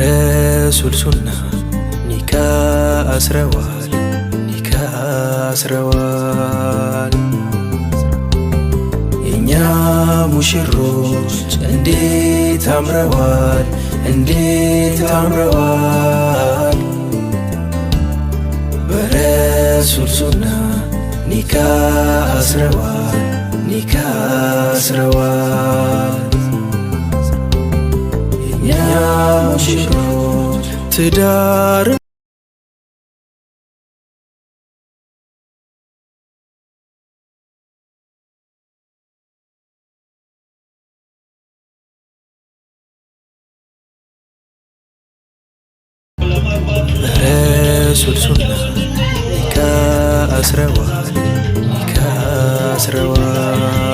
ረሱል ሱና ኒካ አስረዋል ኒካ አስረዋል የእኛ ሙሽሮች እንዴት አምረዋል እንዴት አምረዋል በረሱል ኒካ አስረዋል ኒካ አስረዋል ሽሮ ትዳር ሱልሱላ ይካስረዋል ይካስረዋል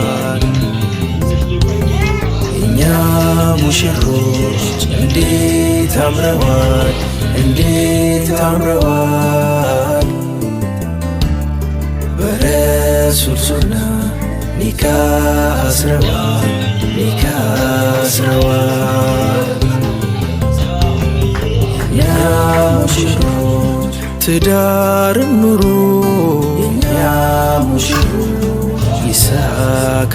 ሙሽሮች እንዴት አምረዋል፣ እንዴት አምረዋል። በረሱል ሱና ኒካ አስረዋል፣ ኒካ አስረዋል። ያ ሙሽሮች ትዳርን ኑሩ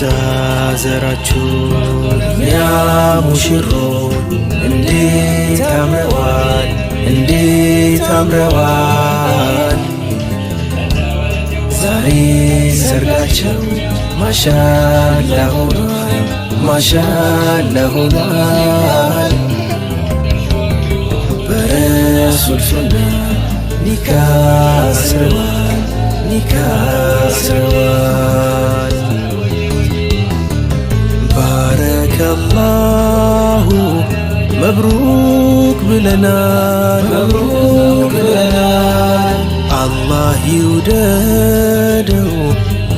የገዛ ዘራችሁን እንዴት አምረዋል፣ እንዴት አምረዋል። ዛሬ ሰርጋቸው ማሻላ ሆኗል፣ ማሻላ ሆኗል። ኒካ ኒካ ብለናል፣ መብሩክ ብለናል። አላህ ይውደደው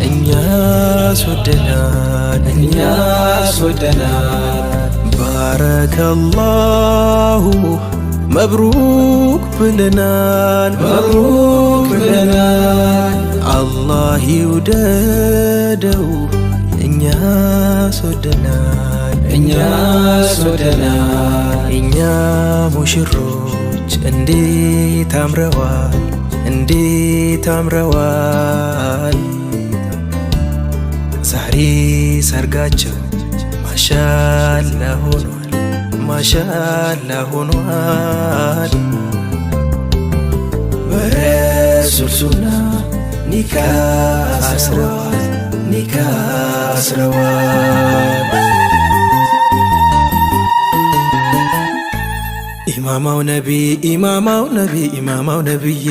እኛስ ወደናል፣ እኛስ ወደናል። ባረከላሁ መብሩክ ብለናል፣ መብሩክ ብለናል። አላህ ይውደደው እኛ ስወደናል እኛ ሙሽሮች እንዴት አምረዋል እንዴት አምረዋል ዛሬ ሰርጋቸው ማሻላ ሆኗል ማሻላ ሆኗል ኒካ አስረዋል ኒካ ኢማማው ነቢ ኢማማው ነቢ ኢማማው ነብዬ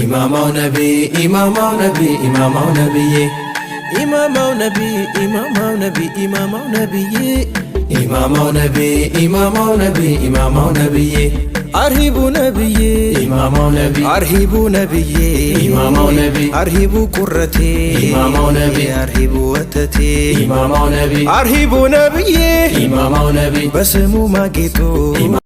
ኢማማው ነቢ ኢማማው ነቢ ኢማማው ነብዬ ኢማማው ነቢ ኢማማው ነቢ ኢማማው ነብዬ ኢማማው ነቢ ኢማማው ነቢ ኢማማው ነብዬ አርሂቡ ነብዬ ኢማማው ነቢ አርሂቡ ነብዬ ኢማማው ነቢ አርሂቡ ቁረቴ ኢማማው ነቢ አርሂቡ ወተቴ ኢማማው ነቢ አርሂቡ ነብዬ ኢማማው ነቢ በስሙ ማጌጡ